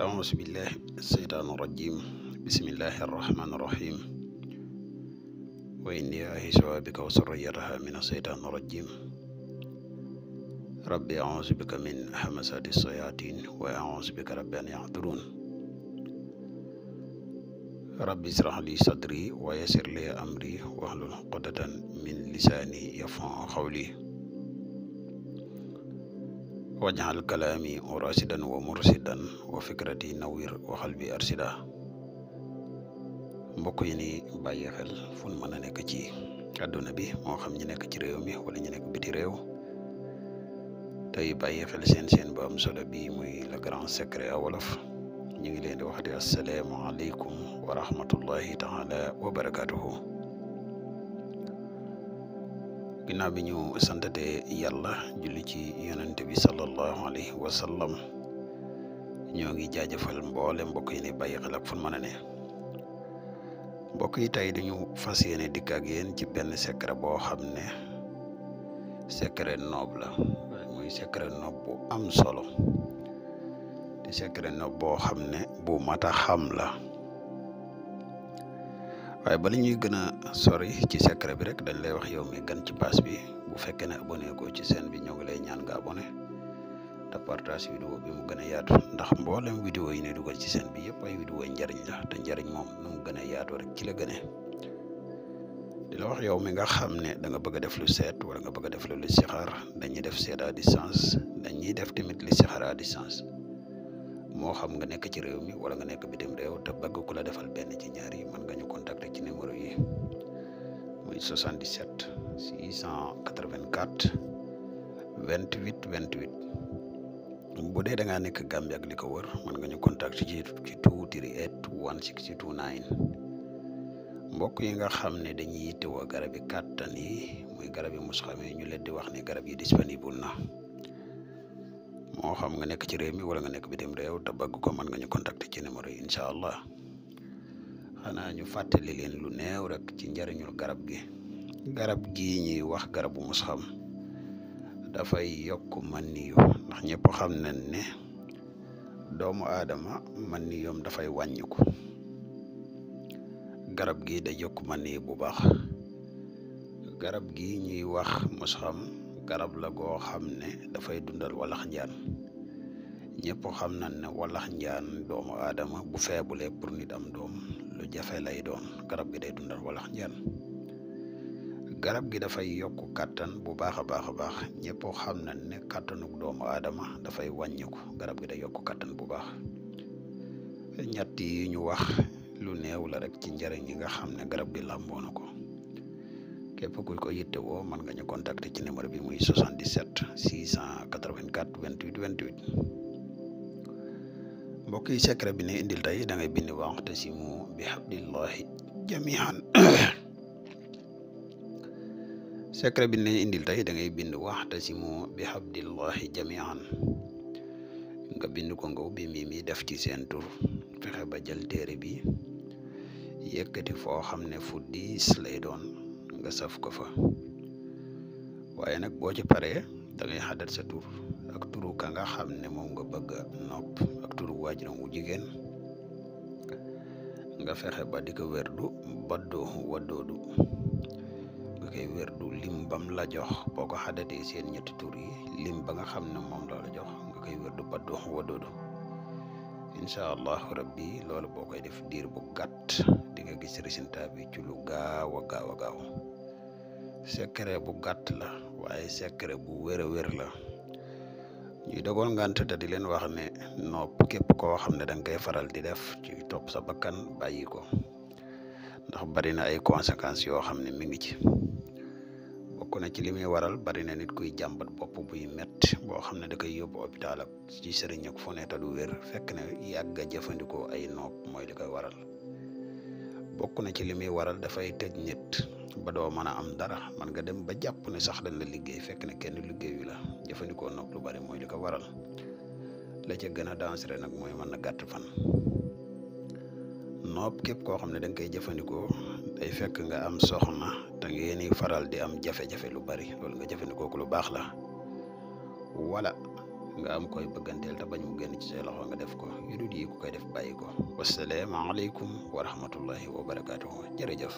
أعوذ بالله من الشيطان الرجيم بسم الله الرحمن الرحيم وإني أعيش بك وسريتها من الشيطان الرجيم ربي أعوذ بك من همسات الشياطين وأعوذ بك ربي أن يحضرون ربي اشرح لي صدري ويسر لي أمري واحلل عقدة من لساني يفهم قولي وجعل كلامي راشدا ومرشدا وفكرتي نوير وقلبي ارشدا مبوك يني باي خل فون مانا نيك تي ادونا بي مو خام ني نيك تي ريومي ولا ني نيك بيتي ريو تاي باي خل سين سين بام سولا بي موي لا غران سيكري اولف نيغي لين دي السلام عليكم ورحمه الله تعالى وبركاته ginnaaw bi ñu santate yàlla julli ci yonente bi sallallahu alayhi wa ñoo ngi jaajëfal mboole mbokk yi ne bàyyi xel ak fu a ne mbokk yi tey dañu fas yéene dikk ak yéen ci benn secret boo xam ne secret noob la muy secret noob bu am solo di secret noob boo xam ne bu mata xam la waaye bala ñuy gën a sori ci secret bi rek dañ lay wax yow mi gan ci pass bi bu fekkee ne abonné ko ci seen bi ñoo ngi lay ñaan nga abonné te partage vidéo bi mu gën a yaatu ndax mboolem vidéo yi ne dugal ci seen bi yëpp ay vidéo njariñ la te njariñ moom nu mu gën a yaatu rek ci la gënee wax yow mi nga xam ne da nga bëgg def lu seet wala nga bëgg a def lu listixaar dañuy def seet à distance dañuy def tamit listixaar à distance mo xam nga nek ci réew mi wala nga nek bitim rew te bëgg ku la defal ben ci ñaar yi man nga ñu contacté ci numéro yi muy 77 684 28 28 bu dee da ngaa nekk Gambie ak li ko wër mën nga ñu contacter ci ci 238 1629. mbokk yi nga xam ne dañuy garab yi yi muy garab yi mus ñu leen di wax ne garab yi disponible na mo xam nga nek ci réew mi wala nga nek bitim réew te bëgg ko man nga ñu contacter ci numéro yi incha allah ñu fatali leen lu neew rek ci njariñul garab gi garab gi ñi wax garabu musham da fay yok man yu ndax ñepp xam nañ ne doomu adama man da fay wañiku garab gi da yokk man ni bu baax garab gi ñi wax musham garab la goo xam ne dafay dundal walax njaan ñëpp xam nañ ne wallax njaan doomu aadama bu feebulee pour nit am doom lu jafe lay doon garab gi day dundal walax njaan garab gi dafay yokk kattan bu baax a baax a baax ñëpp xam na ne kàttanuk doomu aadama dafay wàññiku garab gi day yokk kàttan bu baax ñett yi ñu wax lu néew la rek ci njëriñ gi nga xam ne garab gi làmboo na ko képp kuy ko wo man nga ñu contacter ci numéro bi muy 77 684 28 28 mbokk yi secret bi iya ne indil tay da ngay bind simu bi hablillahi jami'an secret bi ne indil tay da ngay bind simu bi hablillahi jami'an nga bind ko ngaw bi mi mi def ci sen tour fexe ba jël téré bi yëkkati foo xam ne fu diis lay doon nga saf ko fa waaye nag boo ci paree da ngay xadat sa tur ak turu ka nga xam ne moom nga bëgg nopp ak turu waajuram wu jigéen nga fexe ba di ko werdu baddoo waddoodu nga koy werdu lim bam la jox boo ko xadatee seen ñetti tur yi lim ba nga xam ne moom la la jox nga koy werdu baddoo waddoodu insha allah rabbi loolu boo koy def diir bu gàtt di nga gis résultat bi ci lu gaaw gaaw gaaw secret bu gatt la waaye secret bu wér a wér la ñuy dogoon ngànt te di leen wax ne nopp képp koo xam ne danga koy faral di def ci topp sa bakkan bàyyi ko ndax bari na ay conséquences yoo xam ne mi ngi ci bokk na ci li muy waral bari na nit kuy jàmbat bopp buy metti boo xam ne da koy yóbbu hôpital ak ci sëriñ ak fu ne te du wér fekk ne yàgg a jëfandikoo ay nopp mooy li koy waral bokk na ci li muy waral dafay tëj nit ba doo mën am dara man nga dem ba jàpp ne sax dañ la liggéey fekk ne kenn wi la jëfandikoo nopp lu bari mooy li ko waral la ca gën a dangereux nag mooy mën na gàtt fan nopp képp koo xam ne koy jëfandikoo day fekk nga am soxna te ngeen faral di am jafe-jafe lu bari loolu nga jëfandikoo ko lu baax la wala nga am koy bëgganteel te bañ mu génn ci say loxo nga def ko yu yi ku koy def bàyyi ko wasalaamaaleykum wa rahmatullahi wa barakaatuhu jërëjëf